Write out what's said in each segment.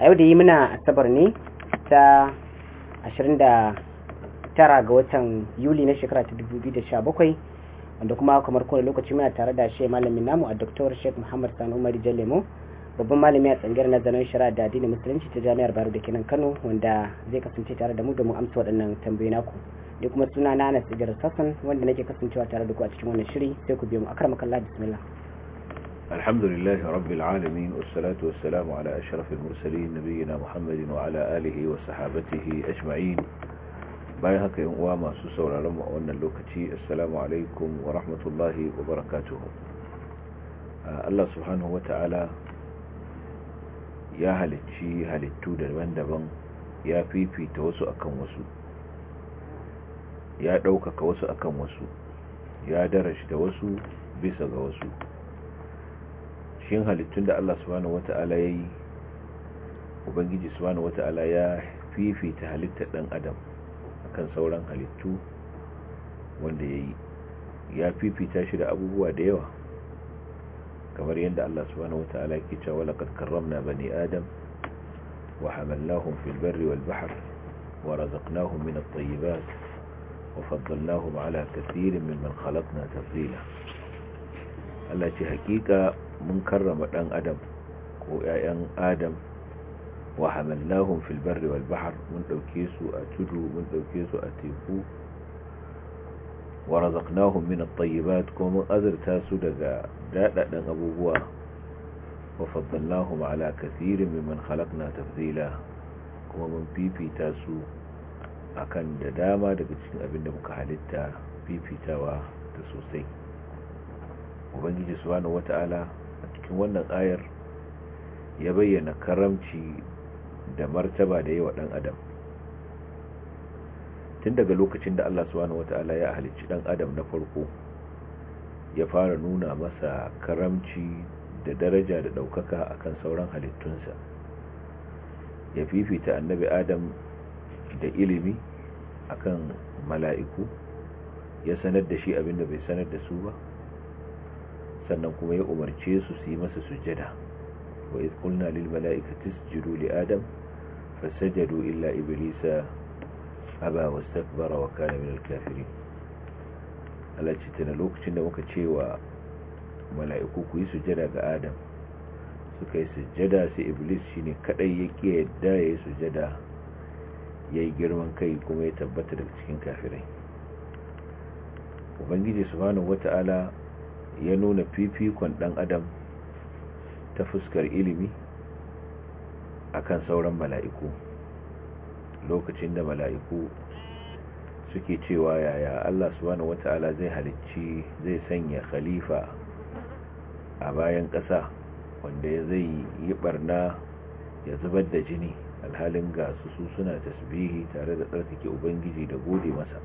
a yau da yi muna asabar ne ta 29 ga watan yuli na shekara ta 2017 wanda kuma kamar kowane lokaci muna tare da shi malamin namu a doktor sheikh muhammad sani umar jalemo babban malami a tsangiyar nazarin shari'a da dini musulunci ta jami'ar baro da kenan kano wanda zai kasance tare da mu domin amsa waɗannan tambayi naku da kuma suna na anas sassan sassan wanda nake kasancewa tare da ku a cikin wannan shiri sai ku biyo mu akar makalla bismillah الحمد لله رب العالمين ala والسلام على أشرف المرسلين نبينا محمد وعلى آله وصحابته أجمعين bayan haka yan uwa masu sauraron mu a wannan lokaci assalamu alaikum wa rahmatullahi wa barakatuhu ah, Allah subhanahu wata'ala ya halicci halittu daban-daban ya fifita wasu akan wasu ya ɗaukaka wasu akan wasu ya darashi da wasu bisa ga wasu cikin halittun da Allah subhanahu wata'ala ya yi ubangiji subhanahu wata'ala ya fifita halittar dan adam akan sauran halittu wanda ya yi ya fifita shi da abubuwa da yawa kamar yadda Allah subhanahu wata'ala ke cewa laqad karramna bani adam wa hamalnahum fil barri wal bahr wa razaqnahum min at-tayyibat وفضلناهم على كثير ممن خلقنا تفضيلا Allah ce hakika mun karrama dan adam ko ya'yan adam wa hamallahum fil barri wal mun dauke su a tudu mun dauke su a teku wa razaqnahum min at-tayyibat kuma mun azurta su daga dadadan abubuwa wa faddalnahum ala kathirin mimman khalaqna tafdila kuma mun fifita su akan da dama daga cikin abin da muka halitta fifitawa ta sosai ubangiji subhanahu wata'ala a cikin wannan ayar ya bayyana karamci da martaba da yawa dan adam tun daga lokacin da Allah subhanahu wata'ala ya halicci dan adam na farko ya fara nuna masa karamci da daraja da daukaka akan sauran halittunsa ya fifita annabi adam da ilimi akan mala'iku ya sanar da shi abinda bai sanar da su ba sannan kuma ya umarce su su yi masa sujada, wa iz qulna lil mala'ikati isjudu li adam fasajadu illa iblisa aba wastakbara wa kana min al kafirin Allah ce tana lokacin da muka cewa mala'iku ku yi sujjada ga adam suka yi sujjada sai iblis shine kadai ya ki yadda ya yi sujjada ya yi girman kai kuma ya tabbata daga cikin kafirai ubangiji subhanahu wata'ala ya nuna fifikon ɗan adam ta fuskar ilimi akan sauran mala'iku lokacin da mala'iku suke cewa yaya Allah subhanahu wata'ala zai halicci zai sanya khalifa a bayan ƙasa wanda ya zai yi barna ya zubar da jini alhalin ga su suna tasbihi tare da tsarkake ubangiji da gode masa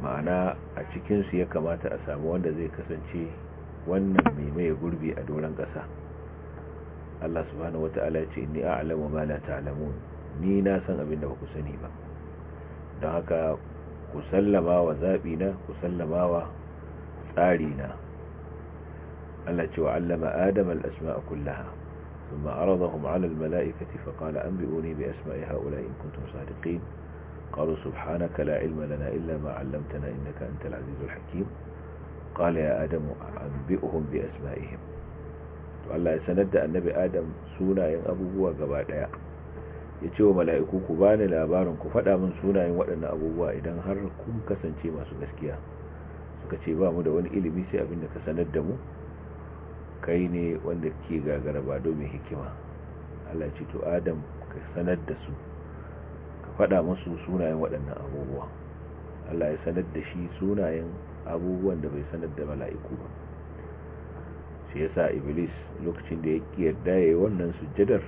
ma'ana a cikinsu ya kamata a samu wanda zai kasance wannan mai mai gurbi a doron ƙasa Allah subhanahu wata'ala ce ni a'lamu ma la ta'lamun ni na san abin da ba ku sani ba don haka ku sallama wa zaɓi na ku sallama wa tsari na Allah ce wa allama adam al-asma'a kullaha ثم عرضهم على الملائكة فقال أنبئوني بأسماء هؤلاء إن كنتم صادقين قالوا سبحانك لا علم لنا إلا ما علمتنا إنك أنت العزيز الحكيم قال يا آدم أنبئهم بأسمائهم Allah ya sanar da annabi Adam sunayen abubuwa gaba daya ya ce wa mala'iku ku bani labarin ku faɗa min sunayen waɗannan abubuwa idan har kun kasance masu gaskiya suka ce ba mu da wani ilimi sai abin da ka sanar da mu kai ne wanda ke gagaraba domin hikima Allah ce to Adam ka sanar da su faɗa musu sunayen waɗannan abubuwa Allah ya sanar da shi sunayen abubuwan da bai sanar da mala'iku ba shi yasa iblis lokacin da ya yarda yi wannan sujjadar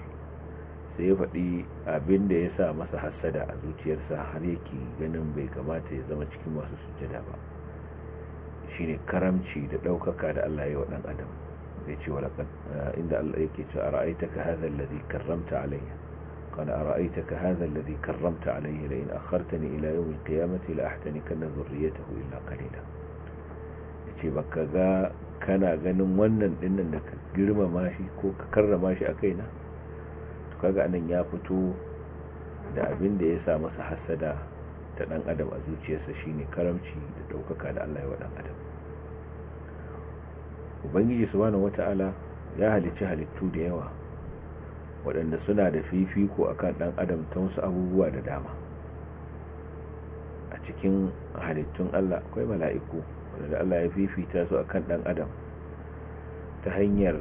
sai ya faɗi abin da ya sa masa hassada a zuciyarsa har yake ganin bai kamata ya zama cikin masu sujjada ba shine karamci da ɗaukaka da Allah ya wa ɗan adam ce wa inda Allah yake ce a ka hadha alladhi karramta alayya ka قال أرأيتك هذا الذي كرمت عليه لئن أخرتني إلى يوم القيامة لأحتنكن ذريته إلا قليلا ce baka ga kana ganin wannan dinnan da ka girmama shi ko ka karrama shi a kaina to kaga anan ya fito da abin da ya sa masa hasada ta dan adam a zuciyarsa shine karamci da daukaka da Allah ya wa dan adam ubangiji subhanahu wataala ya halicci halittu da yawa waɗanda suna da fifiko akan ɗan adam ta wasu abubuwa da dama a cikin halittun Allah akwai mala'iku waɗanda Allah ya fifita su akan ɗan adam ta hanyar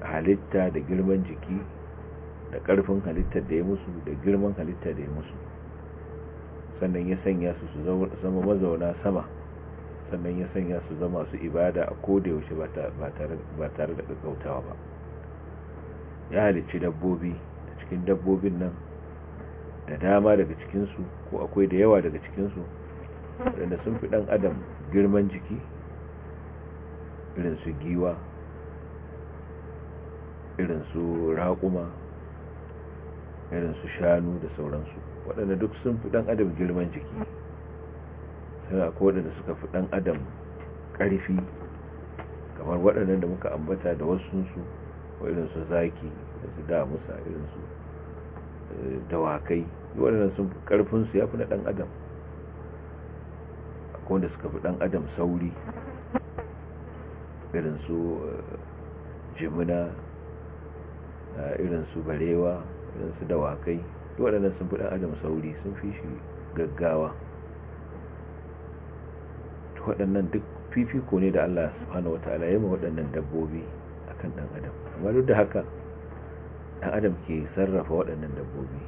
halitta da girman jiki da ƙarfin halittar da ya musu da girman halitta da ya musu sannan ya sanya su su zama mazauna sama sannan ya sanya su zama su ibada a koda yaushe ba tare da ƙaƙautawa ba ya halicci dabbobi da cikin dabbobin nan da dama daga cikinsu ko akwai da yawa daga cikinsu waɗanda sun fi ɗan adam girman jiki irin su giwa irin su raƙuma irin su shanu da sauransu waɗanda duk sun fi ɗan adam girman jiki suna ko waɗanda suka fi ɗan adam ƙarfi kamar waɗannan da muka ambata da wasunsu irin su zaki da su damusa irin su eh, dawakai waɗannan sun karfin su fi na ɗan adam akwai wanda suka fi dan adam sauri irin su eh, jimina eh, irin su barewa irin su dawakai waɗannan sun fi dan adam sauri sun fi shi gaggawa waɗannan duk fifiko ne da Allah subhanahu ta'ala ya ma waɗannan dabbobi akan ɗan adam amma duk da haka ɗan adam ke sarrafa waɗannan dabbobi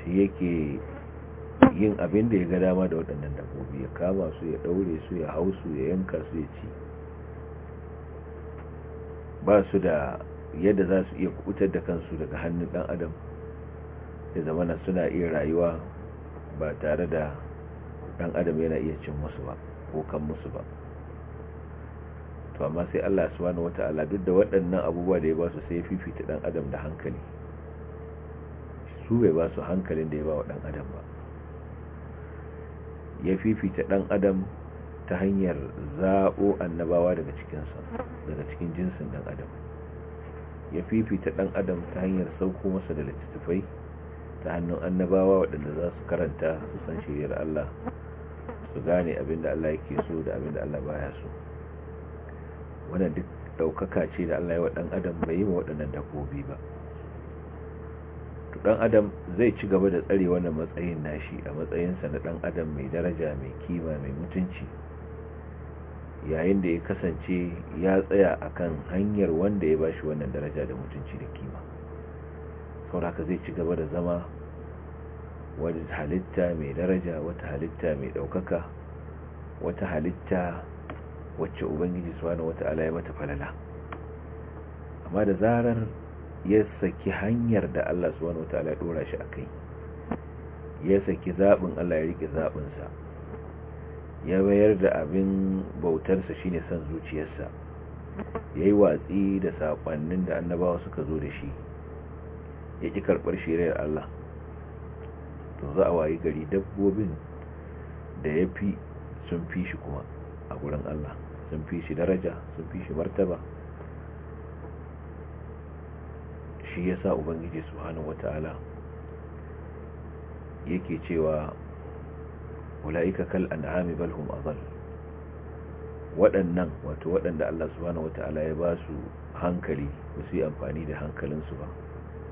shi yake yin abin da ya ga dama da waɗannan dabbobi ya kama su ya ɗaure su ya hau su ya yanka su ya ci ba su da yadda za su iya kubutar da kansu daga hannun ɗan adam da zamana suna iya rayuwa ba tare da ɗan adam yana iya cin musu ba ko kan musu ba to amma sai Allah subhanahu wata'ala duk da waɗannan abubuwa da ya ba su sai fifita dan adam da hankali su bai ba su hankalin da ya ba wa dan adam ba ya fifita dan adam ta hanyar za'o annabawa daga sa daga cikin jinsin dan adam ya fifita dan adam ta hanyar sauko masa da littattafai ta hannun annabawa waɗanda za su karanta su san shiriyar Allah su gane abinda Allah yake so da abinda Allah baya so wannan duk daukaka ce da Allah ya wa dan adam bai yi wa waɗannan dabbobi ba to dan adam zai ci gaba da tsare wannan matsayin nashi a matsayinsa na dan adam mai daraja mai kima mai mutunci yayin da ya kasance ya tsaya akan hanyar wanda ya bashi wannan daraja da mutunci da kima sauraka zai ci gaba da zama wani halitta mai daraja wata halitta mai ɗaukaka wata halitta wacce ubangiji subhanahu wata'ala ya mata falala amma da zarar ya saki hanyar da Allah subhanahu wata'ala ya dora shi a kai. ya saki zaɓin Allah ya riƙe zaɓinsa. ya bayar da abin bautarsa shi ne son zuciyarsa Ya yi watsi da sakonnin da annabawa suka zo da shi ya ƙi karɓar shirayar Allah to za a wayi gari dabbobin da ya fi sun fi shi kuma a gurin Allah sun fi shi daraja sun fi shi martaba shi ya sa ubangiji subhanahu wata'ala yake cewa ula'ika kal an'ami bal hum adall waɗannan wato waɗanda Allah subhanahu wata'ala ya ba su hankali ba su yi amfani da hankalinsu ba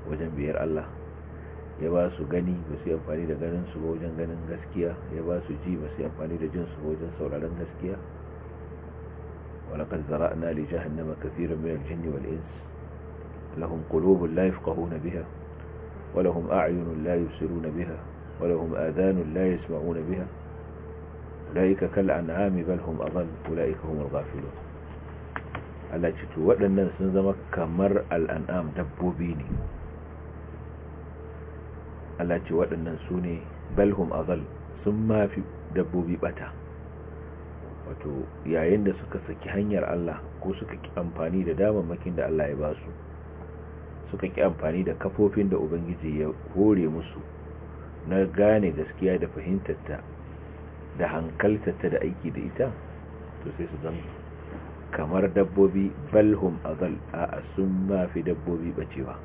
wajen biyar Allah ya ba su gani ba su yi amfani da ganinsu ba wajen ganin gaskiya ya ba su ji ba su yi amfani da jinsu ba wajen sauraron gaskiya ولقد ذرأنا لجهنم كثيرا من الجن والإنس لهم قلوب لا يفقهون بها ولهم أعين لا يبصرون بها ولهم آذان لا يسمعون بها أولئك كالأنعام بل هم أضل أولئك هم الغافلون ألا ce to waɗannan sun الأنعام kamar ألا dabbobi ne Allah ce waɗannan su ne balhum azal sun wato yayin da suka saki hanyar Allah ko suka ki amfani da damammakin da Allah ya ba su suka ki amfani da kafofin da ubangiji ya hore musu na gane gaskiya da fahimtarta da hankaltarta da aiki da ita to sai su zama kamar dabbobi balhum azal a sun mafi dabbobi bacewa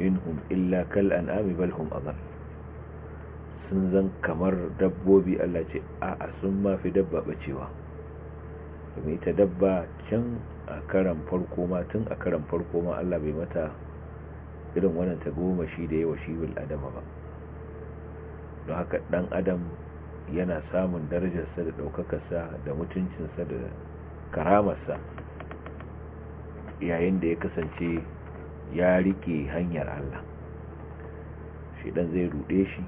inhum illa kal an'ami balhum azal sun zan kamar dabbobi Allah ce a sun ma fi dabba bacewa domin ita dabba can a karan farko ma tun a karan farko ma Allah bai mata irin wannan ta goma shi da yawa shi bil adama ba don haka dan adam yana samun darajarsa da ɗaukakarsa da mutuncinsa da karamarsa yayin da ya kasance ya rike hanyar Allah shi dan zai rude shi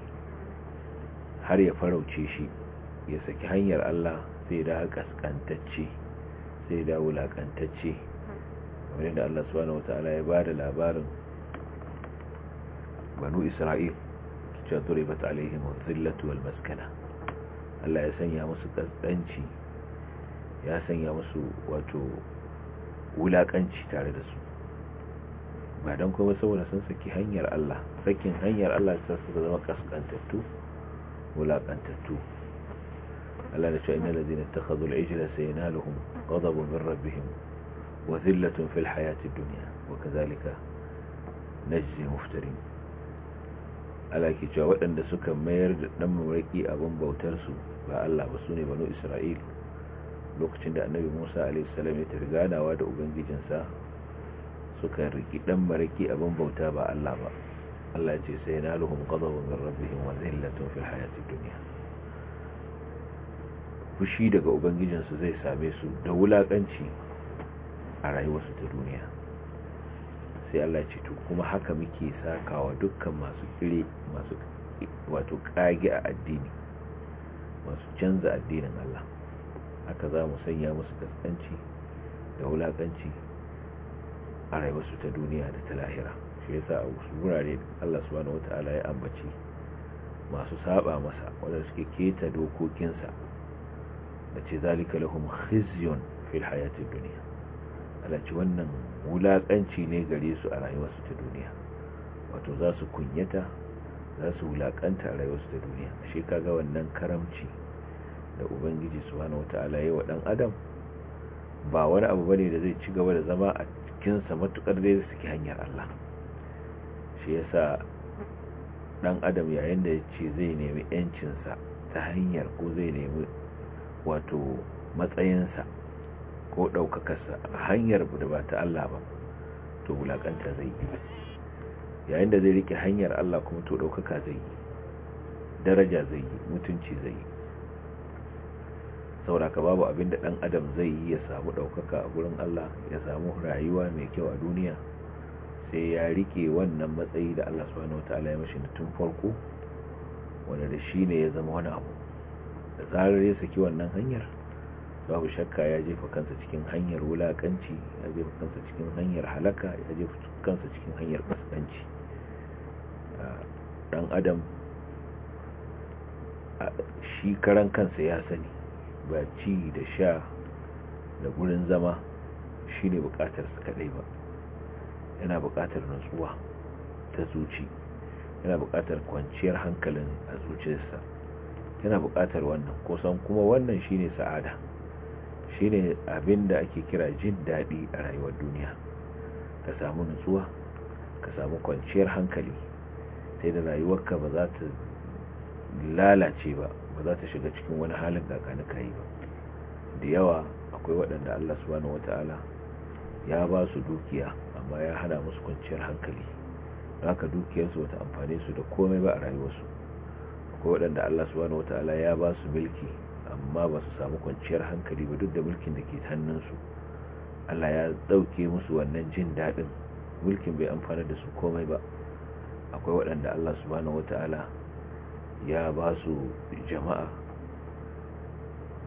har ya farauce shi ya saki hanyar Allah sai da kaskantacce sai da wulakantacce Wani da Allah subhanahu ta'ala ya bada labarin banu Isra'il cewa duribat alaihim zillatu wal maskana Allah ya sanya musu kaskanci ya sanya musu wato wulakanci tare da su ba don kuma saboda sun saki hanyar Allah sakin hanyar Allah sai su zama kaskantattu wulaƙantattu Allah da cewa ina da zina ta khazul ijila sai yana luhun ƙazabu min rabbihim wa zillatun fil hayati duniya wa kazalika najzi muftarin Allah ke cewa waɗanda suka mayar da ɗan mamaki abin bautarsu ba Allah ba su ne banu Isra'il lokacin da annabi Musa a.s. ya tafi ganawa da ubangijinsa suka riki ɗan maraki abin bauta ba Allah ba Allah ce sai na luhun ƙazabun min rabbihim wa duniya fushi daga ubangijinsu zai same su da wulaƙanci a rayuwarsu ta duniya sai Allah ce to kuma haka muke sakawa dukkan masu kire masu wato kage a addini masu canza addinin Allah haka za mu sanya musu kaskanci da wulakanci a rayuwarsu ta duniya da ta lahira shi yasa a wasu wurare Allah subhanahu wataala ya ambaci masu saba masa wanda suke keta dokokinsa da ce zalika lahum khizyun fil hayatid dunya Allah ce wannan wulakanci ne gare su a rayuwarsu ta duniya wato za su kunyata za su wulakanta a rayuwarsu ta duniya shi kaga wannan karamci da ubangiji subhanahu wataala ya wa dan adam ba wani abu bane da zai ci gaba da zama a cikinsa matukar dai suke hanyar Allah shi yasa dan adam yayin da yace zai nemi yancinsa ta hanyar ko zai nemi wato matsayinsa ko ɗaukakarsa a hanyar da ba ta Allah ba to wulaƙanta zai yi yayin da zai rike hanyar Allah kuma to ɗaukaka zai yi daraja zai yi mutunci zai yi sauraka babu abin da ɗan adam zai yi ya samu ɗaukaka a gurin Allah ya samu rayuwa mai kyau a duniya sai ya rike wannan matsayi da Allah subhanahu wataala ya mashi tun farko wanda da shi ne ya zama wani abu da zarar ya saki wannan hanyar babu shakka ya jefa kansa cikin hanyar wulakanci ya jefa kansa cikin hanyar halaka ya jefa kansa cikin hanyar kaskanci dan adam shi karan kansa ya sani ba ci da sha da gurin zama shi ne bukatarsa kadai ba yana buƙatar nutsuwa ta zuci yana buƙatar kwanciyar hankalin a zuciyarsa yana buƙatar wannan kusan kuma wannan shine sa'ada shine abin da ake kira jin daɗi a rayuwar duniya ka samu nutsuwa ka samu kwanciyar hankali sai da rayuwarka ba za ta lalace ba ba za ta shiga cikin wani halin kakani kayi ba da yawa akwai waɗanda Allah subhanahu wata'ala ya ba su dukiya amma ya hana musu kwanciyar hankali haka dukiyarsu wata amfani su da komai ba a rayuwarsu akwai waɗanda Allah subhanahu wataala ya ba su mulki amma ba su samu kwanciyar hankali ba duk da mulkin da ke hannunsu Allah ya ɗauke musu wannan jin daɗin mulkin bai amfana da su komai ba akwai waɗanda Allah subhanahu wataala ya ba su jama'a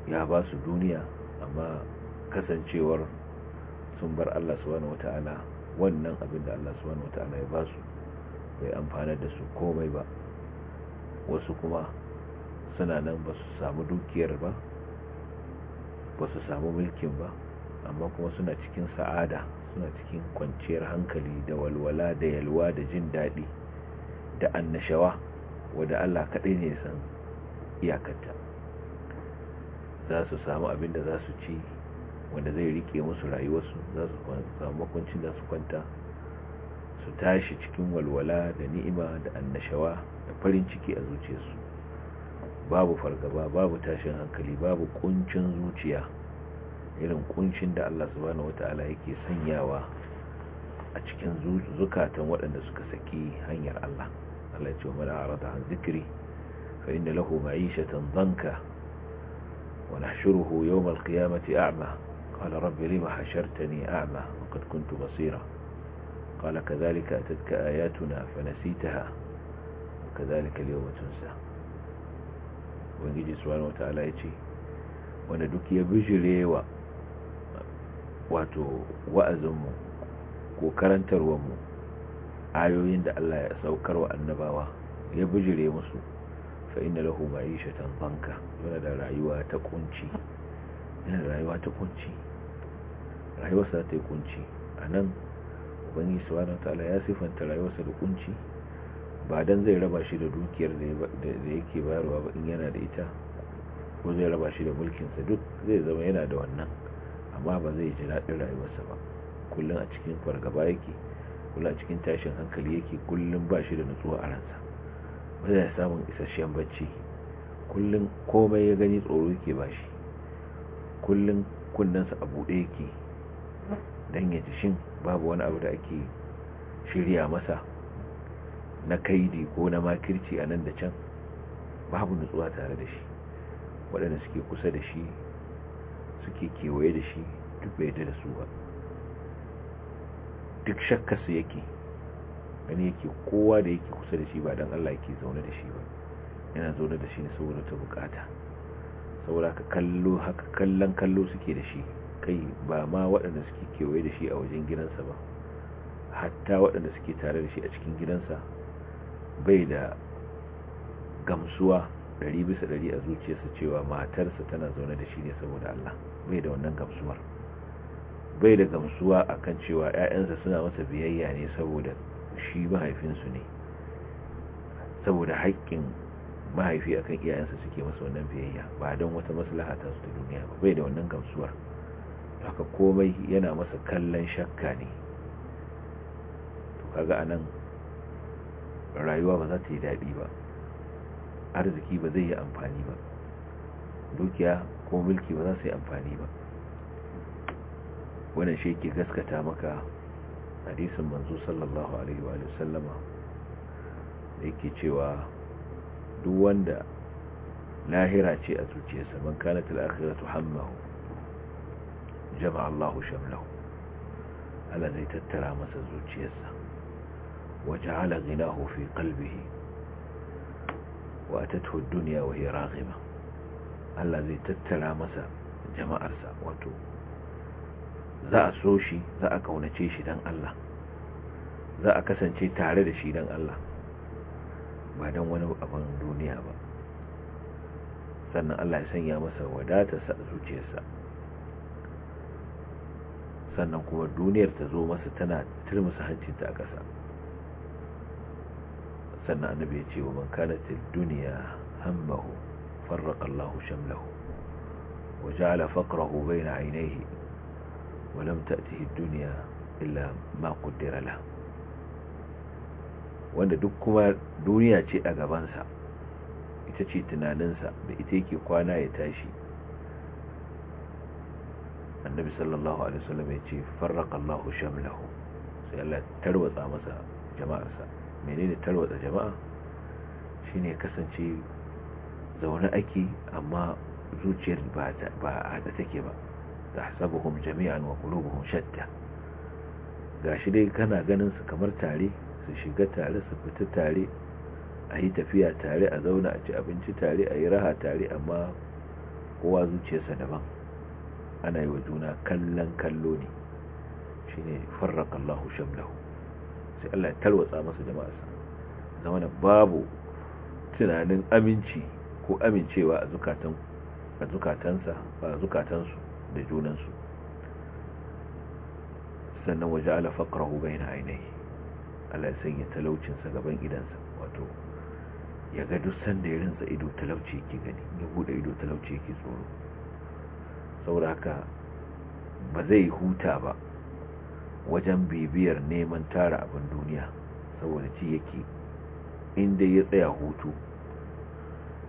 ya ba su duniya amma kasancewar sun bar Allah subhanahu wataala wannan abin da Allah subhanahu wataala ya ba su bai amfana da su komai ba wasu kuma suna nan ba su samu dukiyar ba ba su samu mulkin ba amma kuma suna cikin sa'ada suna cikin kwanciyar hankali da walwala da yalwa da jin daɗi da annashawa wadda Allah kaɗai ne san iyakanta za su samu abin da za su ci wanda zai rike musu rayuwarsu za su samu makwancin da su kwanta su tashi cikin walwala da ni'ima da annashawa da farin ciki a zuciyarsu babu fargaba babu tashin hankali babu kuncin zuciya irin kuncin da Allah subhanahu wata'ala yake sanyawa a cikin zukatan waɗanda suka saki hanyar Allah Allah ya ce wa mala'arata an zikiri fa inna lahu ma'ishatan zanka wa nahshuruhu yawmal qiyamati a'ma قال رب لما حشرتني أعمى وقد كنت بصيرا قال كذلك أتتك آياتنا فنسيتها وكذلك اليوم تنسى ونجي سبحانه وتعالى يتي وندك يبجلي و واتو وأزم وكرن تروم آيو يند ألا يسوكر وأنباوة يبجلي مسو فإن له معيشة ضنكة ولد العيوة تكونشي ولد العيوة تكونشي rayuwarsa ta yi kunci a nan wani subhanahu ta'ala ya sifanta rayuwarsa da kunci ba dan zai raba shi da dukiyar da yake bayarwa ba in yana da ita ko zai raba shi da mulkinsa duk zai zama yana da wannan amma ba zai ji daɗin rayuwarsa ba kullum a cikin fargaba yake kullum a cikin tashin hankali yake kullum ba shi da nutsuwa a ransa ba zai samun isasshen bacci kullum komai ya gani tsoro yake ba shi kullum kunnensa a buɗe yake don ya ji shin babu wani abu da ake shirya masa na kaidi ko na makirci a nan da can babu nutsuwa tare da shi waɗanda suke kusa da shi suke kewaye da shi duk bai da su ba duk shakkarsu yake gani yake kowa da yake kusa da shi ba don Allah yake zaune da shi ba yana zaune da shi ne saboda ta bukata saboda ka kallo haka kallon kallo suke da shi kai ba ma waɗanda suke kewaye da shi a wajen gidansa ba hatta waɗanda suke tare da shi a cikin gidansa bai da gamsuwa ɗari bisa ɗari a zuciyarsa cewa matarsa tana zaune da shi ne saboda Allah bai da wannan gamsuwar bai da gamsuwa a kan cewa 'ya'yansa suna masa biyayya ne saboda shi mahaifinsu ne saboda haƙƙin mahaifi akan iyayensa suke masa wannan biyayya ba don wata maslaha ta su ta duniya ba bai da wannan gamsuwar haka komai yana masa kallon shakka ne to kaga anan rayuwa ba za ta yi daɗi ba arziki ba zai yi amfani ba dukiya ko mulki ba za su yi amfani ba wannan shi ke gaskata maka hadisin manzo sallallahu alaihi wa sallama da yake cewa duk wanda lahira ce a zuciyarsa man kana al-akhiratu hammahu jama'a Allahu shamlahu Allah zai tattara masa zuciyarsa wa ja'ala ghinahu fi qalbihi wa atathu ad-dunya Allah zai tattara masa jama'arsa wato za a so shi a kaunace shi dan Allah za a kasance tare da shi dan Allah ba dan wani duniya ba sannan Allah ya sanya masa wadatarsa zuciyarsa sannan kuma duniyar ta zo masa tana turmusa hancinta a ƙasa sannan annabi ya ce wa man kana ta duniya hammahu farraka Allahu shamlahu wa ja'ala faqrahu bayna ainihi wa lam ta'tihi ad illa ma qaddara wanda duk kuma duniya ce a gabansa ita ce tunaninsa da ita yake kwana ya tashi annabi sallallahu alaihi wasallam ya ce farraqa Allahu shamlahu sai Allah tarwatsa masa jama'arsa menene tarwatsa jama'a shine kasance zaune ake amma zuciyar ba a haɗa take ba hasabuhum jami'an wa qulubuhum shatta gashi dai kana ganin su kamar tare su shiga tare su fita tare a yi tafiya tare a zauna a ci abinci tare a yi raha tare amma kowa zuciyarsa daban ana yi wa juna kallon kallo ne shi ne farraka Allahu shamlahu sai Allah ya tarwatsa masa zama zamanin babu tunanin aminci ko amincewa a zukatansa, ba a zukatansu da junansu sannan waje ala faqrahu yana ainihi Allah ya sanya talaucinsa gaban idansa wato ya ga duk sanda ya rinsa ido talauci yake gani ya buɗe ido talauci yake tsoro saboda haka ba zai huta ba wajen bibiyar neman tara abin duniya saboda ci yake inda ya tsaya hutu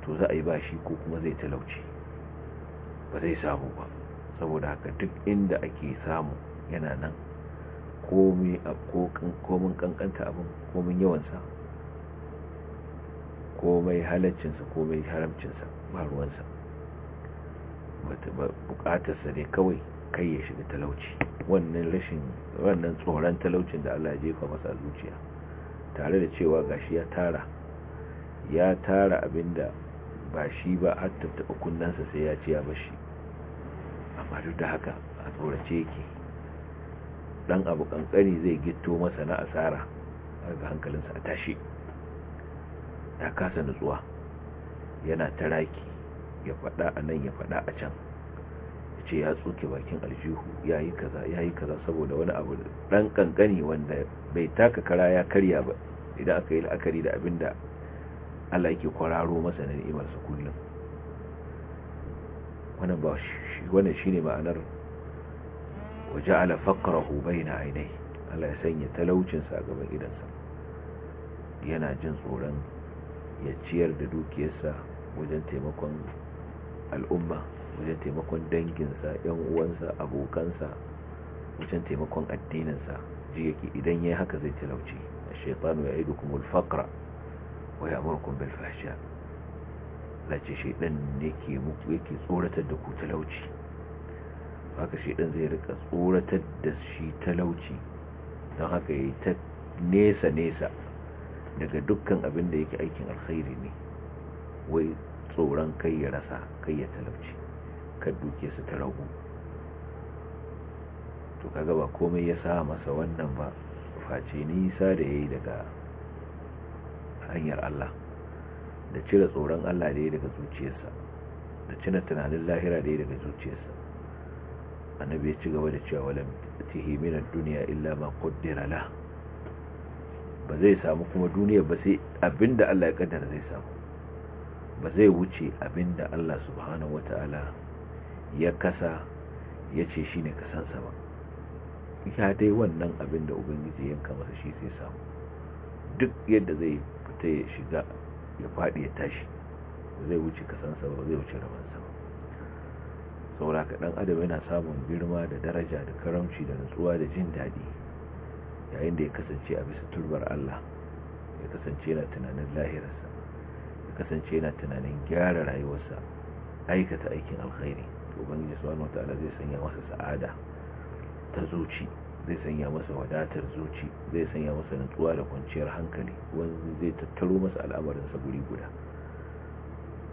to za a yi shi ko kuma zai talauci ba zai samu ba saboda haka duk inda ake samu yana nan komin kankanta abin komin yawansa komai halaccinsa komai haramcinsa ba ruwansa bukatarsa ne kawai kai ya shiga talauci wannan rashin wannan tsoron talaucin da Allah ya jefa masa zuciya tare da cewa gashi ya tara ya tara abinda ba shi ba har tattaɓa sa sai ya ci ya bashi amma duk da haka a tsorace yake dan abu kankani zai gitto masa na asara daga hankalinsa a tashi ta kasa nutsuwa yana taraki ya faɗa a nan ya faɗa a can Ya ce ya tsoke bakin aljihu ya yi kaza ya yi kaza saboda wani abu ɗan ƙanƙani wanda bai taka kara ya karya ba idan aka yi la'akari da abin da Allah yake kwararo masa na ni'imarsa kullum wannan shi shi ma'anar shine ma'anar waja'ala hubai na ainihi. Allah ya sanya talaucinsa a gaban idansa yana jin tsoron ya ciyar da dukiyarsa wajen taimakon al'umma wajen taimakon danginsa yan uwansa abokansa wajen taimakon addininsa ji yake idan ya haka zai talauci a shaitanu ya idu kuma alfakra wa ya amurkun belfasha lace shaidan ne ke muku yake tsoratar da ku talauci haka shaidan zai rika tsoratar da shi talauci don haka ya yi ta nesa-nesa daga dukkan abin da yake aikin alkhairi ne wai tsoron kai ya rasa kai ya talauci ka duke su ta ragu to kaga ba komai ya sa masa wannan ba face nisa da ya yi daga hanyar Allah da cire tsoron Allah da ya daga zuciyarsa da cire tunanin lahira da ya daga zuciyarsa annabi ya ci gaba da cewa walam tihi min ad-dunya illa ma qaddara la ba zai samu kuma duniya ba sai abinda Allah ya kaddara zai samu ba zai wuce abin da Allah subhanahu wata'ala ya kasa ya ce shi ne kasansa ba ya dai wannan abin da ubangiji yanka masa shi sai samu duk yadda zai fita ya shiga ya faɗi ya tashi ba zai wuce kasansa ba zai wuce rabansa ba saura ka ɗan adam yana samun girma da daraja da karamci da nutsuwa da jin daɗi yayin da ya kasance a bisa turbar Allah ya kasance yana tunanin lahirarsa kasance yana tunanin gyara rayuwarsa aikata aikin alkhairi to ubangiji subhanahu wataala zai sanya masa sa'ada ta zuci zai sanya masa wadatar zuci zai sanya masa nutsuwa da kwanciyar hankali wanda zai tattaro masa al'amarinsa guri guda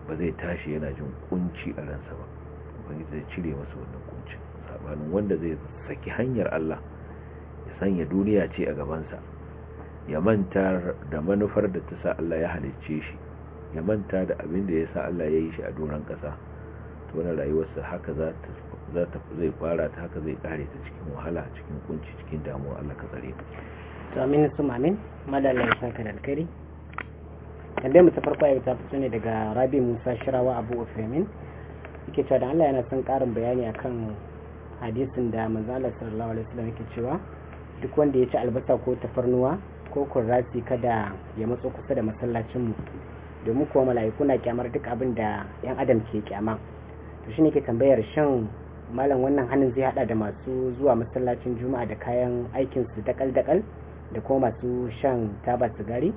ba zai tashi yana jin kunci a ransa ba ubangiji zai cire masa wannan kunci sabanin wanda zai saki hanyar Allah ya sanya duniya ce a gabansa ya manta da manufar da ta sa Allah ya halicce shi ya manta da abin da ya sa Allah ya yi shi a doron ƙasa to wannan rayuwarsa haka za ta zai fara ta haka zai kare ta cikin wahala cikin kunci cikin damuwa Allah ka tsare to amin su mamin madalla ya saka da alkari tambayar mu ta farko ya ta fito ne daga Rabi Musa Shirawa Abu Ufemin yake cewa Allah yana son karin bayani akan hadisin da manzo Allah sallallahu alaihi wasallam yake cewa duk wanda ya ci albasa ko tafarnuwa ko kurrasi kada ya matso kusa da masallacin mu domin kuwa mala'iku na kyamar duk abin da yan adam ke kyama to shine ke tambayar shan malam wannan hannun zai hada da masu zuwa masallacin juma'a da kayan aikin su dakal dakal da kuma masu shan taba sigari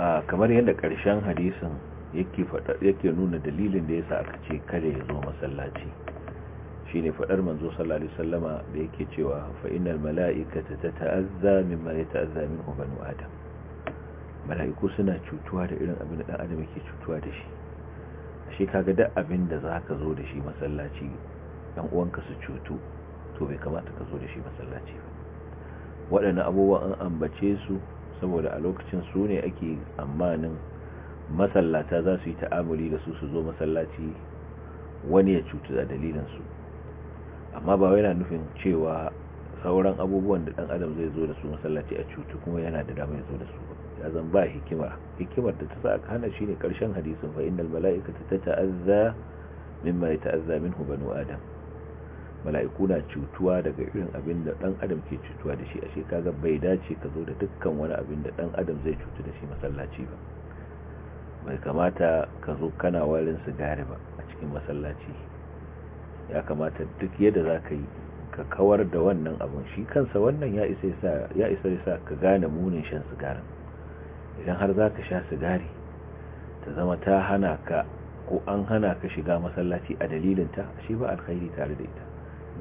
a kamar yadda karshen hadisin yake fada nuna dalilin da yasa aka ce kare ya zo masallaci shine faɗar manzo sallallahu alaihi wasallama da yake cewa fa innal mala'ikata tata'azza mimma yata'azza minhu banu adam mala'iku suna cutuwa da irin abin da ɗan adam yake cutuwa da shi shi kaga duk abin da za ka zo da shi masallaci ɗan uwanka su cutu to bai kamata ka zo da shi masallaci ba waɗannan abubuwan an ambace su saboda a lokacin su ne ake amanin masallata za su yi ta'amuli da su su zo masallaci wani ya cutu a dalilinsu amma ba yana nufin cewa sauran abubuwan da ɗan'adam adam zai zo da su masallaci a cutu kuma yana da dama ya zo da su azan ba hikima hikimar da ta sa aka hana shine karshen hadisin fa innal mala'ikata tata'azza mimma yata'azza minhu banu adam mala'iku na cutuwa daga irin abin da dan adam ke cutuwa da shi ashe kaga bai dace ka zo da dukkan wani abin da dan adam zai cutu da shi masallaci ba bai kamata ka zo kana warin sigari ba a cikin masallaci ya kamata duk yadda za ka yi ka kawar da wannan abun shi kansa wannan ya isa ya isa ka gane munin shan sigarin idan har za ka sha sigari ta zama ta hana ka ko an hana ka shiga masallaci a dalilinta shi ba alkhairi tare da ita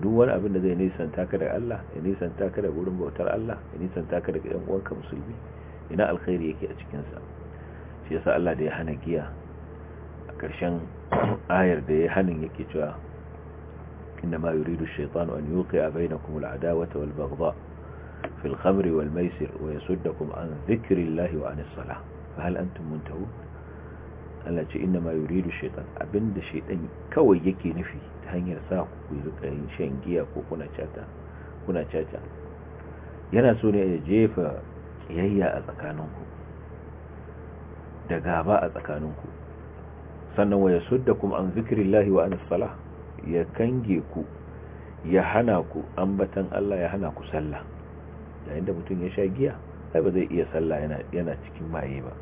duk wani abin da zai nisanta ka da Allah ya nisanta ka da wurin bautar Allah ya nisanta ka daga yan uwanka musulmi ina alkhairi yake a cikin sa shi yasa Allah da ya hana giya a karshen ayar da ya hanin yake cewa inna ma yuridu shaytanu an yuqi'a bainakum al wal-baghdha في الخمر والميسر ويصدكم عن ذكر الله وعن الصلاة فهل أنتم منتهون Allah ce inda ma yuridu shaitan abinda shaitan kawai yake nufi ta hanyar sa ku yi shan giya ko kuna caca yana so ne ya jefa kiyayya a tsakaninku da gaba a tsakaninku sannan waya wa kuma an zikrillahi wa anis salah ya kange ku ya hana ku ambatan Allah ya hana ku sallah yayin da mutum ya sha giya ai ba zai iya sallah yana yana cikin maye ba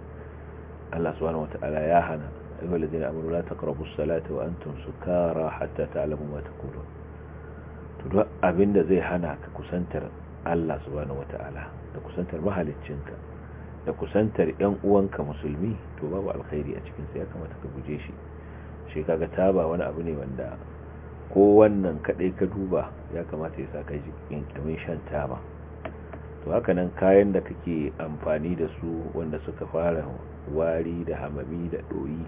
Allah subhanahu wataala ya hana ayyuhal ladina amanu la taqrabu as-salata wa antum sukara hatta ta'lamu ma taqulun to duk abinda zai hana ka kusantar Allah subhanahu wataala da kusantar mahaliccinka da kusantar yan uwanka musulmi to babu alkhairi a cikin sa ya kamata ka guje shi shi kaga taba wani abu ne wanda ko wannan kadai ka duba ya kamata ya sa jikin jinkin kamin shan taba to haka nan kayan da kake amfani da su wanda suka fara wari da hamami da doyi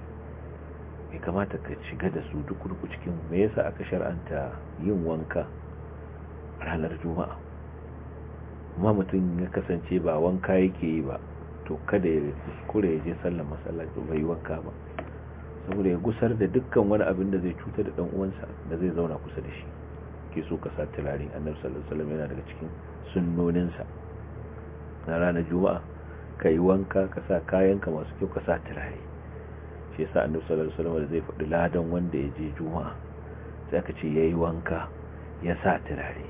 bai kamata ka shiga da su duk cikin me yasa aka shar'anta yin wanka ranar juma'a kuma mutum ya kasance ba wanka yake yi ba to kada ya kuskure ya je sallar masallaci bai wanka ba saboda ya gusar da dukkan wani abin da zai cutar da dan uwansa da zai zauna kusa da shi ke so ka sa turare annabi sallallahu alaihi wasallam yana daga cikin sunnoninsa na ranar juma'a ka yi wanka ka sa kayanka masu kyau ka sa turare shi yasa annabi sallallahu alaihi wasallam zai faɗi ladan wanda ya je juma'a sai ka ce yayi wanka ya sa turare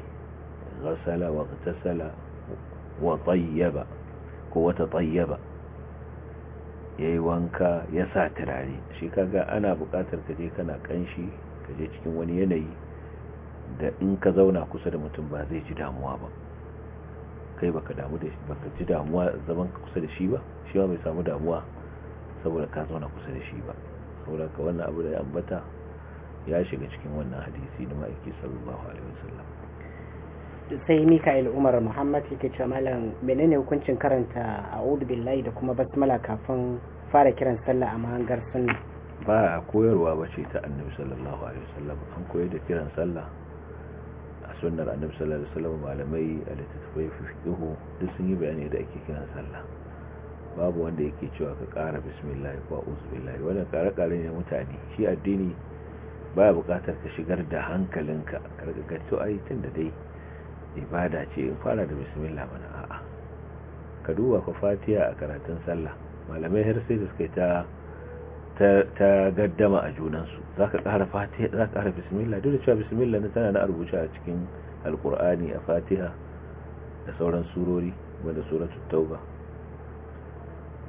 ghasala wa tasala wa tayyaba ko wata tayyaba yayi wanka ya sa turare shi kaga ana buƙatar ka je kana kanshi ka je cikin wani yanayi da in ka zauna kusa da mutum ba zai ji damuwa ba kai baka damu da baka ji damuwa zaman ka kusa da shi ba shi ba bai samu damuwa saboda ka zauna kusa da shi ba saboda ka wannan abu da ya ambata ya shiga cikin wannan hadisi na ma'aiki sallallahu alaihi wasallam sai Mika'il Umar Muhammad yake ce malam menene hukuncin karanta a'udhu billahi da kuma basmala kafin fara kiran sallah a mahangar sunna ba koyarwa bace ta Annabi sallallahu alaihi wasallam an koyar da kiran sallah sunnar annabi sallallahu alaihi wasallam malamai a littattafai fiqhu duk sun yi bayani da ake kiran sallah babu wanda yake cewa ka kara bismillah ko billahi wannan kare-kare ne mutane shi addini baya buƙatar ka shigar da hankalinka ka to ai tun da dai ibada ce in fara da bismillah bana a'a ka duba ka fatiha a karatun sallah malamai har sai da suka ta ta gaddama a junansu za ka ƙara fatiha za ka ƙara bismillah duk da cewa bismillah na tana na rubuce a cikin alkur'ani a fatiha da sauran surori wanda suratul tauba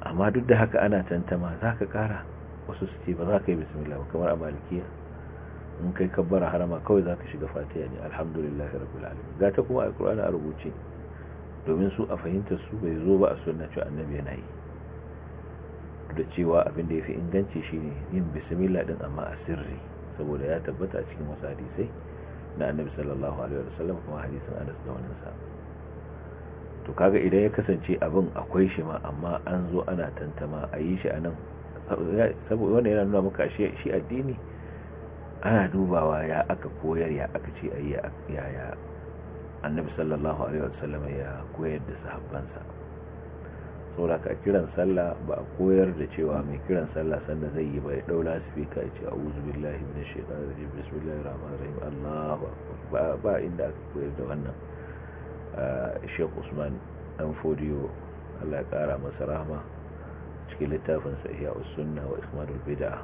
amma duk da haka ana tantama za ka ƙara wasu su ba za ka yi bismillah ba kamar a malikiya in kai kabbara harama kawai za ka shiga fatiha ne alhamdulillah rabbil alamin ga kuma alkur'ani a rubuce domin su a fahimtar su bai zo ba a sunna cewa annabi yana yi da cewa abin da ya fi inganci shine yin bismillah din amma a sirri saboda ya tabbata a cikin wasu hadisai na annabi sallallahu alaihi wasallam kuma hadisin anas da wannan sa to kaga idan ya kasance abin akwai shi ma amma an zo ana tantama a yi shi anan saboda wannan yana nuna maka shi addini ana dubawa ya aka koyar ya aka ce ayi ya ya annabi sallallahu alaihi wasallam ya koyar da sahabbansa tsora ka kiran sallah ba a koyar da cewa mai kiran sallah sanda zai yi ba ya dau lasifika ya ce a wuzu billahi minash shaitanir rajim bismillahir rahmanir rahim Allahu akbar ba inda aka koyar da wannan Sheikh Usman dan Fodiyo Allah ya kara masa rahma cikin littafin sahiha a Sunnah wa Ikmalul Bid'ah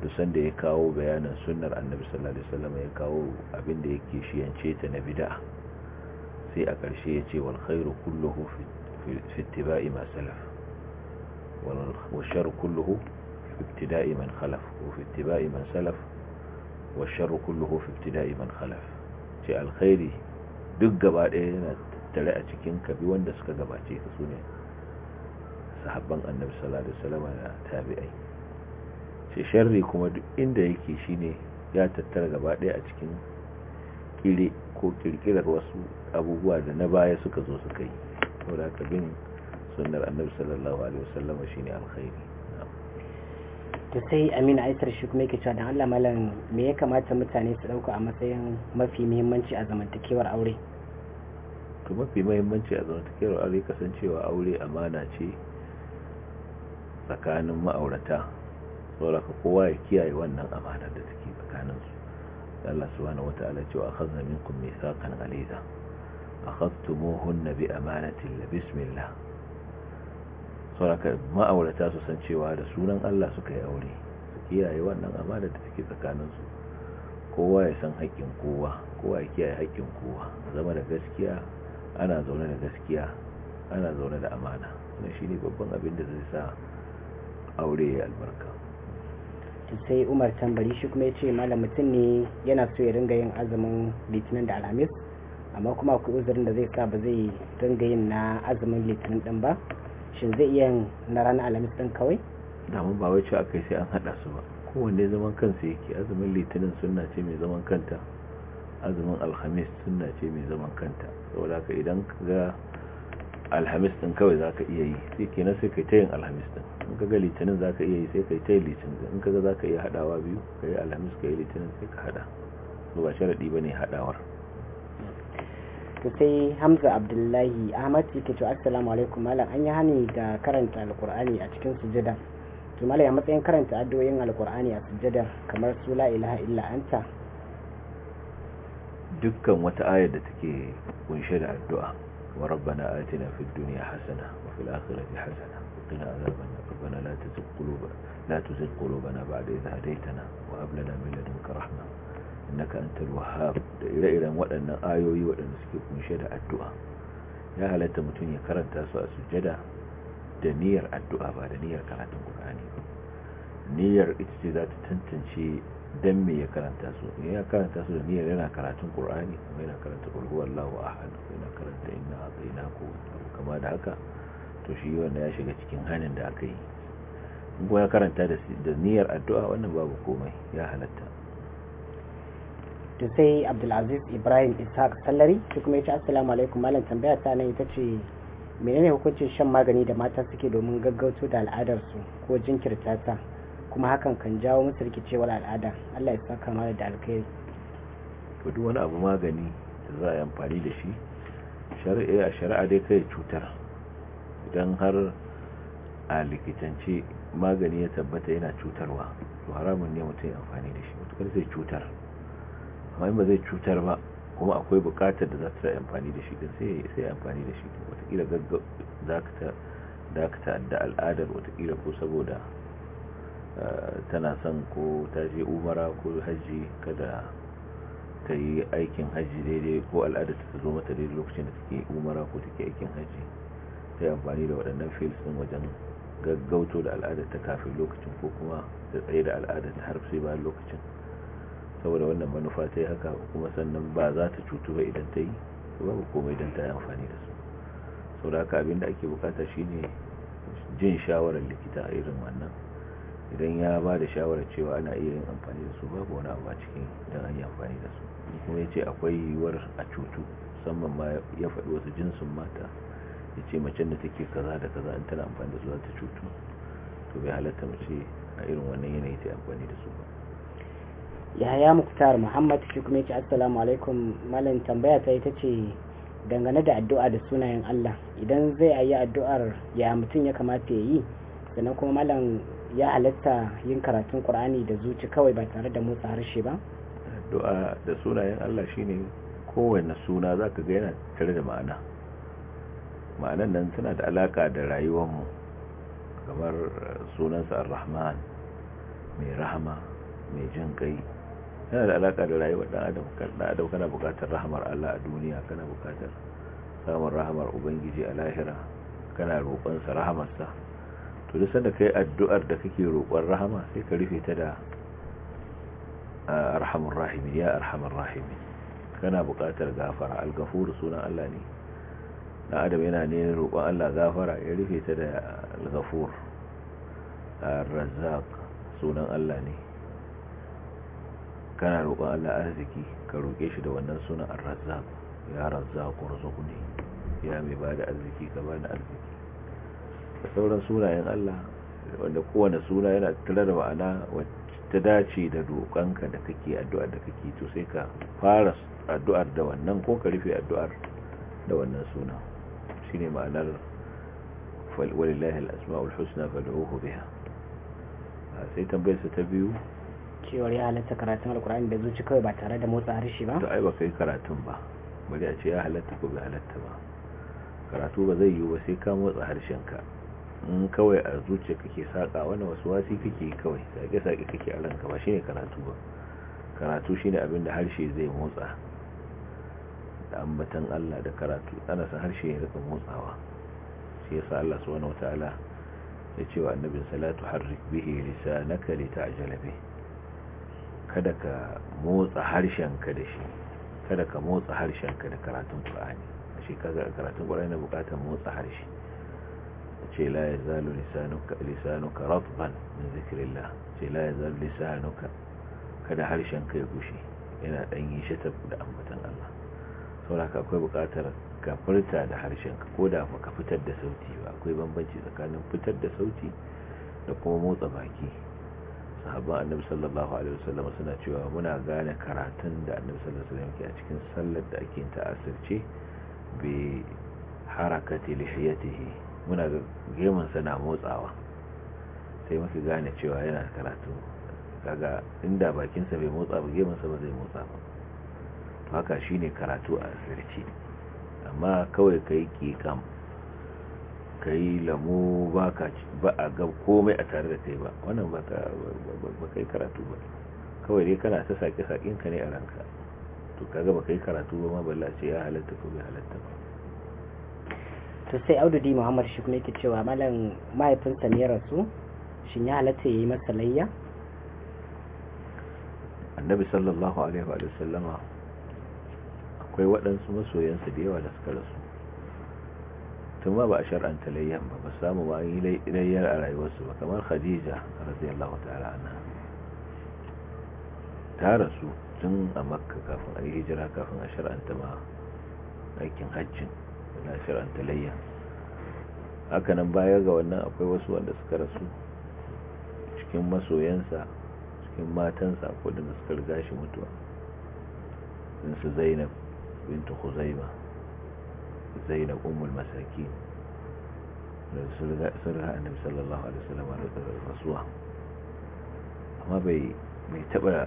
duk sanda ya kawo bayanan sunnar Annabi sallallahu alaihi wasallam ya kawo abin da yake shiyance ta na bida'a sai a karshe ya ce wal khairu kulluhu في اتباع ما سلف والشر كله في ابتداء من خلف وفي اتباع من سلف والشر كله في ابتداء من خلف ce alkhairi duk gaba ɗaya yana tattare a cikin kabi wanda suka gabace ka su ne sahabban annabi sallallahu alaihi wasallam da tabi'ai ce sharri kuma duk inda yake shine ya tattara gaba ɗaya a cikin kire ko kirkirar wasu abubuwa da na baya suka zo suka yi saboda ka bin sunnar annabi sallallahu alaihi wasallam shine alkhairi to sai amina aisar shi kuma yake cewa dan Allah malam me ya kamata mutane su dauka a matsayin mafi muhimmanci a zamantakewar aure to mafi muhimmanci a zamantakewar aure kasancewa aure amana ce tsakanin ma'aurata saboda kowa ya kiyaye wannan amana da take tsakaninsu Allah subhanahu wataala cewa akhadna minkum mithaqan ghaliza akhadtumuhunna bi amanatin bismillah saboda ma'aurata su san cewa da sunan Allah suka yi aure su kiyaye wannan amana da take su kowa ya san haƙƙin kowa kowa ya kiyaye haƙƙin kowa zama da gaskiya ana zaune da gaskiya ana zaune da amana wannan shine babban abin da zai sa aure ya albarka sai Umar tambari shi kuma ya ce malam mutum ne yana so ya ringa yin azumin litinin da alhamis amma kuma akwai uzurin da zai sa ba zai dinga yin na azumin litinin din ba shin zai iya na ranar alhamis din kawai damu ba wai cewa kai sai an hada su ba kowanne zaman kansa yake azumin litinin sunna ce mai zaman kanta azumin alhamis sunna ce mai zaman kanta saboda ka idan ga alhamis din kawai za ka iya yi sai kenan sai kai ta yin alhamis din in ka ga litinin za ka iya yi sai kai ta yin litinin in ka ga za ka iya hadawa biyu ka yi alhamis ka yi litinin sai ka hada ba sharadi ba ne hadawar. to sai hamza abdullahi ahmad yake to assalamu alaikum malam an yi hani ga karanta alkur'ani a cikin sujada to malam ya matsayin karanta addu'o'in alkur'ani a sujada kamar su la ilaha illa anta dukkan wata ayar da take kunshe da addu'a wa rabbana atina fid dunya hasana wa fil akhirati hasana wa qina adhaban ربنا لا تزغ قلوبنا لا تزغ قلوبنا بعد إذ هديتنا وهب لنا من لدنك رحمه innaka antal wahhab da ire-iren waɗannan ayoyi waɗanda suke kunshe da addu'a ya halatta mutum ya karanta su a sujjada da niyyar addu'a ba da niyyar karatun Qur'ani ba niyyar ita ce za ta tantance dan me ya karanta su ya karanta su da niyyar yana karatun Qur'ani kuma yana karanta qul huwallahu ahad yana karanta inna a'tainaku kama da haka to shi wannan ya shiga cikin hanin da aka yi ko ya karanta da niyyar addu'a wannan babu komai ya halatta to sai abdulaziz ibrahim ishaq sallari shi kuma ya ce assalamu alaikum malam tambaya ta nan ita ce menene hukuncin shan magani da mata suke domin gaggauto da al'adarsu ko jinkirta ta kuma hakan kan jawo musu rikicewar al'ada allah ya saka mana da alkhairi to duk wani abu magani da za a yi amfani da shi shari'a shari'a dai kai cutar idan har a likitance magani ya tabbata yana cutarwa to haramun ne mutum amfani da shi mutukar zai cutar amma in ba zai cutar ba kuma akwai bukatar da za ta yi amfani da shi din sai sai amfani da shi din watakila dakata da al'adar watakila ko saboda eh, tana son ko ta je umara ko hajji kada ta yi aikin hajji daidai ko al'adar ta zo mata daidai lokacin da take umara ko take aikin hajji ta yi amfani da waɗannan filsin wajen gaggauto da al'adar ta kafin lokacin ko kuma ta tsaye da al'adar ta har sai bayan lokacin saboda wannan manufa ta yi haka kuma sannan ba za ta cutu ba idan ta yi ba kuma idan ta yi amfani da su sau da haka da ake bukata shine jin shawarar likita a irin wannan idan ya ba da shawarar cewa ana iya yin amfani da su ba wani abu cikin idan an yi amfani da su kuma ya ce akwai yiwuwar a cutu musamman ma ya faɗi wasu jinsin mata ya ce macen da take kaza da kaza in tana amfani da su za ta cutu to bai halatta mace a irin wannan yanayi ta amfani da su ba yahaya muktar muhammad shi kuma yace assalamu alaikum malam tambaya ta ita ce dangane da addu'a da sunayen allah idan zai yi addu'ar ya mutum ya kamata ya yi sannan kuma malam ya halatta yin karatun qur'ani da zuci kawai ba tare da motsa harshe ba addu'a da sunayen allah shine kowane suna zaka ga yana tare da ma'ana ma'anan nan suna da alaka da rayuwar mu kamar sunansa ar-rahman mai rahama mai jin kai yana da alaka da rayuwar dan adam kana bukatar rahmar Allah a duniya kana bukatar samun rahmar ubangiji a lahira kana roƙon sa rahamar sa to duk sanda kai addu'ar da kake roƙon rahama sai ka rufe ta da arhamur rahimi ya arhamur rahimi kana bukatar gafara al-ghafur sunan Allah ne dan adam yana ne roƙon Allah gafara ya rufe ta da al-ghafur ar-razzaq sunan Allah ne kana roƙon Allah arziki ka roƙe shi da wannan sunan ar-razzaq ya razzaq warzuqni ya mai bada arziki ka bani arziki da sauran sunayen Allah wanda kowane suna yana tattare da ma'ana ta dace da roƙonka da kake addu'ar da kake to sai ka fara addu'ar da wannan ko ka rufe addu'ar da wannan suna shine ma'anar walillahi al-asma'ul husna fad'uhu biha sai tambayarsa ta biyu cewar ya halatta karatun alkur'ani da zuci kawai ba tare da motsa harshe ba to ai ba kai karatun ba bari a ce ya halatta ko bai halatta ba karatu ba zai yiwu ba sai ka motsa harshenka in kawai a zuci kake saka wani wasu wasi kake kawai sake-sake kake a ranka ba shine karatu ba karatu shine abin da harshe zai motsa da ambatan Allah da karatu ana san harshe ya rika motsawa shi yasa Allah subhanahu wataala ya ce wa annabin salatu harrik bihi lisanaka litajala bihi kada ka motsa harshenka da shi kada ka motsa harshenka da karatun qur'ani shi kaga karatun qur'ani bukatar motsa harshe ce la yazalu lisanuka lisanuka ratban min zikrillah ce la yazalu lisanuka kada harshenka ya gushe yana dan yi shatab da ambatan Allah saboda akwai bukatar ka furta da harshenka ko da ka fitar da sauti ba akwai bambanci tsakanin fitar da sauti da kuma motsa baki sahabban annabi sallallahu alaihi wasallam suna cewa muna gane karatun da annabi sallallahu alaihi wasallam ke a cikin sallar da ake ta asirce bi harakati lihiyatihi muna gemun na motsawa sai muka gane cewa yana karatu kaga inda bakin sa bai motsa ba gemunsa ba zai motsa ba haka shine karatu a asirce amma kawai kai ki kam ka yi lamu ba a ga komai a tare da kai ba wannan ba kai karatu ba kawai dai kana ta sakin ka ne a ranka to kaga ba kai karatu ba ma balla ce ya halatta ko bai halatta ba to sai aududi muhammad shi kuma yake cewa malam mahaifinsa ne rasu shin ya halatta yayi yi masa layya annabi sallallahu alaihi wa sallama akwai waɗansu masoyansa da yawa da suka rasu tun ba a shar'anta layyan ba ba samu ba yi layyar a rayuwarsu ba kamar khadija radiyallahu ta'ala ana ta rasu tun a makka kafin a yi hijira kafin a shar'anta ma aikin hajjin na shar'anta layyan hakanan baya ga wannan akwai wasu wanda suka rasu cikin masoyansa cikin matansa ko da suka riga shi mutuwa su zainab bintu huzaima zainab ummul Masaki da sun annabi sallallahu alaihi wasallam da rasuwa amma bai mai taba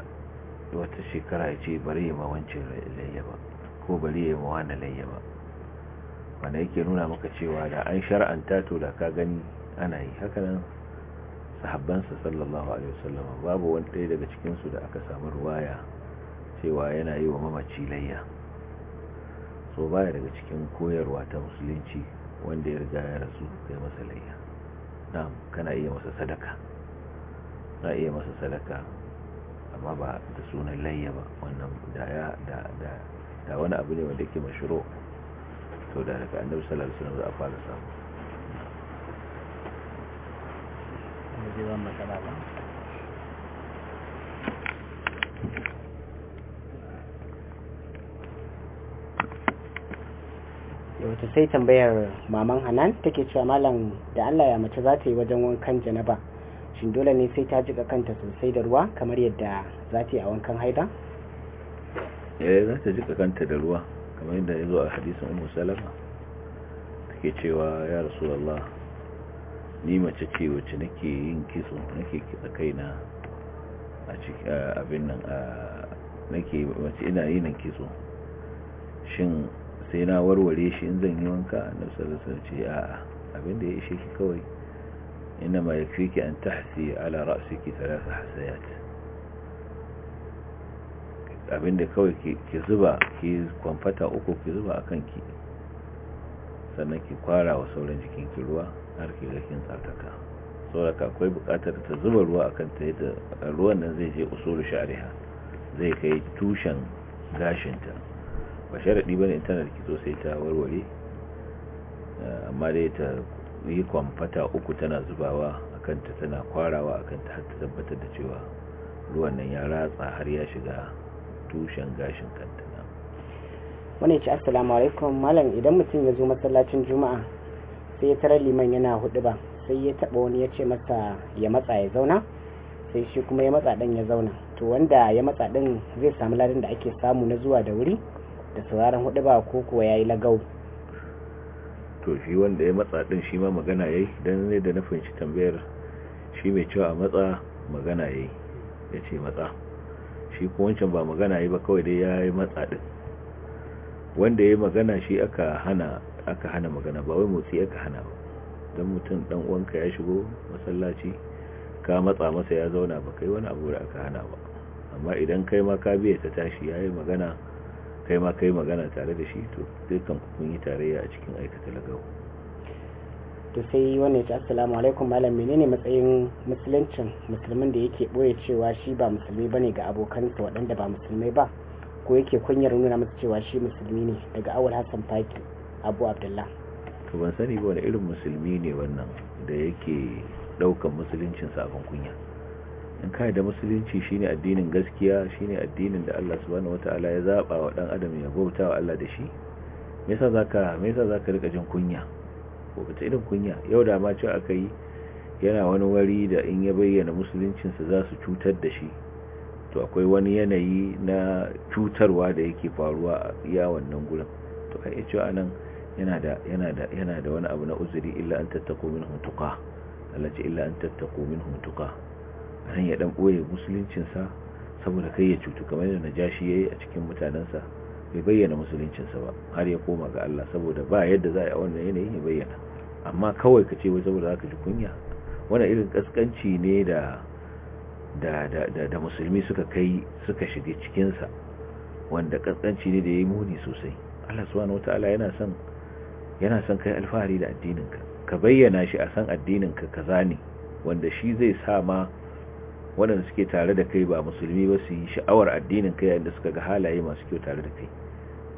wata shekara ya ce bari ya mawancin layya ba ko bari ya mawa na layya ba wanda yake nuna maka cewa da an shar'anta to da ka gani ana yi hakanan sahabbansa sallallahu alaihi wasallam babu wani ɗaya daga cikinsu da aka samu ruwaya cewa yana yi wa mamaci layya so baya daga cikin koyarwa ta musulunci wanda ya riga ya rasu kai masa layya na'am kana iya masa sadaka za iya masa sadaka amma ba da sunan layya ba wannan da ya da da da wani abu ne wanda yake mashiro to da daga annabi sallallahu alaihi wasallam za a fara samu wata sai tambayar maman hanan take cewa malam da allah ya mace za ta yi wajen wankan janaba shin dole ne sai ta jika kanta sosai da ruwa kamar yadda za ta yi a wankan haida eh za ta jika kanta da ruwa kamar yadda ya zo a hadisin ummu salama take cewa ya rasulullah ni mace ce wacce nake yin kitso nake kitsa kaina a cikin abin nan nake mace ina yin kitso shin sai na warware shi in zan yi wanka na sallallahu ce a'a abin da ya ishe ki kawai ina ma ki an tahsi ala ra'siki thalatha hasayat abin da kawai ki zuba ki kwamfata uku ki zuba kan ki sannan ki kwara wa sauran jikin ki ruwa har ki ga kin tsarkaka sauraka akwai bukatar ta zuba ruwa akan ta yadda ruwan nan zai je usuru shariha zai kai tushen gashinta ba sharaɗi ba ne tana da kito sai ta warware amma dai ta yi kwamfata uku tana zubawa a kanta tana kwarawa a kanta har ta tabbatar da cewa ruwan nan ya ratsa har ya shiga tushen gashin kanta na wani ci assalamu alaikum malam idan mutum ya zo masallacin juma'a sai ya tarar liman yana hudu ba sai ya taba wani ya ce masa ya matsa ya zauna sai shi kuma ya matsa ɗin ya zauna to wanda ya matsa din zai samu ladin da ake samu na zuwa da wuri da sauraron hudu ba ko kuwa ya yi lagau to shi wanda ya matsa din shi ma magana ya yi don ne da nufin shi tambayar shi mai cewa a matsa magana ya yi ya ce matsa shi ko ba magana ya yi ba kawai dai ya yi matsa din wanda ya yi magana shi aka hana magana ba wai motsi aka hana ba don mutum dan uwanka ya shigo masallaci ka matsa masa ya zauna ba kai wani abu da aka hana ba amma idan kai ma ka biya ta tashi ya yi magana kai ma kai magana tare da shi to dukkan kun yi tarayya a cikin aikata lagawa. to sai wannan ya ce assalamu alaikum malam menene matsayin musuluncin musulmin da yake boye cewa shi ba musulmi bane ga abokansa waɗanda ba musulmai ba ko yake kunyar nuna masa cewa shi musulmi ne daga awal hassan faki abu abdullah to ban sani ba wani irin musulmi ne wannan da yake ɗaukan musuluncin sabon kunya in kai da musulunci shine addinin gaskiya shine addinin da Allah subhanahu wataala ya zaba wa dan adam ya bauta wa Allah da shi me yasa zaka me yasa zaka rika jin kunya ko ta irin kunya yau da ma ce aka yi yana wani wari da in ya bayyana musuluncinsa za su cutar da shi to akwai wani yanayi na cutarwa da yake faruwa a iya wannan gurin to kai cewa anan yana da yana da yana da wani abu na uzuri illa an tattaqu minhum tuqa Allah ce illa an tattaqu minhum tuqa zan ya dan ɓoye musuluncinsa saboda kai ya cutu kamar yadda najashi ya yi a cikin mutanensa bai bayyana musuluncinsa ba har ya koma ga Allah saboda ba yadda za a yi wannan yanayin ya bayyana amma kawai ka ce wai saboda za ka ji kunya wani irin kaskanci ne da da da da, musulmi suka kai suka shige cikinsa wanda kaskanci ne da ya yi muni sosai Allah subhanahu wataala yana son yana son kai alfahari da addininka ka bayyana shi a san addininka kaza ne wanda shi zai sa ma waɗanda suke tare da kai ba musulmi ba su yi sha'awar addinin kai yayin da suka ga halaye masu kyau tare da kai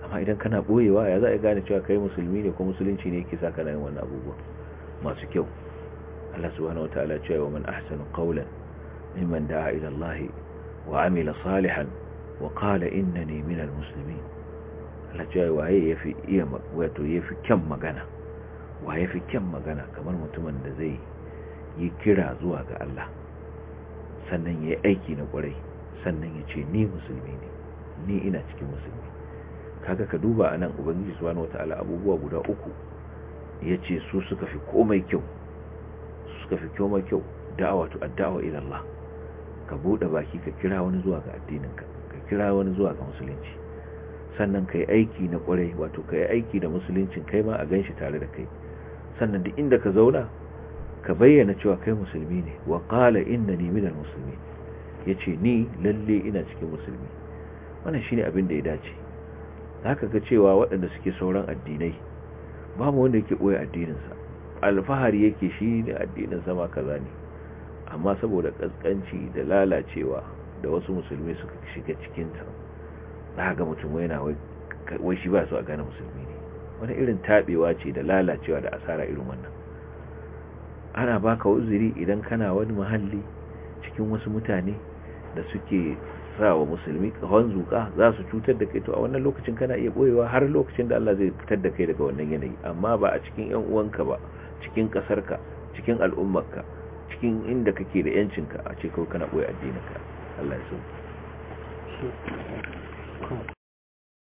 amma idan kana ɓoyewa ya za a gane cewa kai musulmi ne ko musulunci ne yake saka kana yin wannan abubuwa masu kyau Allah subhanahu wataala cewa wa man ahsanu qawlan mimman da'a ila Allah wa amila salihan wa qala innani minal muslimin Allah cewa waye yafi iya wato yafi kyan magana waye yafi kyan magana kamar mutumin da zai yi kira zuwa ga Allah sannan ya yi aiki na kwarai sannan ya ce ni musulmi ne ni ina cikin musulmi kaga ka duba a nan ubangiji subhanahu wata abubuwa guda uku ya ce su suka fi komai kyau suka fi kyau mai kyau da'awa tu addawa ila Allah ka bude baki ka kira wani zuwa ga addininka ka kira wani zuwa ga musulunci sannan kai aiki na kwarai wato kai aiki da musuluncin kai ma a ganshi tare da kai sannan duk inda ka zauna ka bayyana cewa kai musulmi ne wa qala ni minal Ya ce ni lalle ina cikin musulmi wannan shine abin da ya dace zaka ga cewa waɗanda suke sauran addinai babu wanda yake boye addininsa alfahari yake shi ne addinin sama kaza ne amma saboda ƙasƙanci da lalacewa da wasu musulmi suka shiga cikinta za ga mutum yana wai shi ba su a gane musulmi ne wani irin taɓewa ce da lalacewa da asara irin wannan ana baka uzuri idan kana wani mahalli cikin wasu mutane da suke sawa musulmi kahon zuka za su cutar da kai to a wannan lokacin kana iya boyewa har lokacin da Allah zai fitar da kai daga wannan yanayi amma ba a cikin yan uwanka ba cikin kasarka cikin al'ummarka cikin inda kake da yancinka a ce kawai kana boye addininka Allah ya so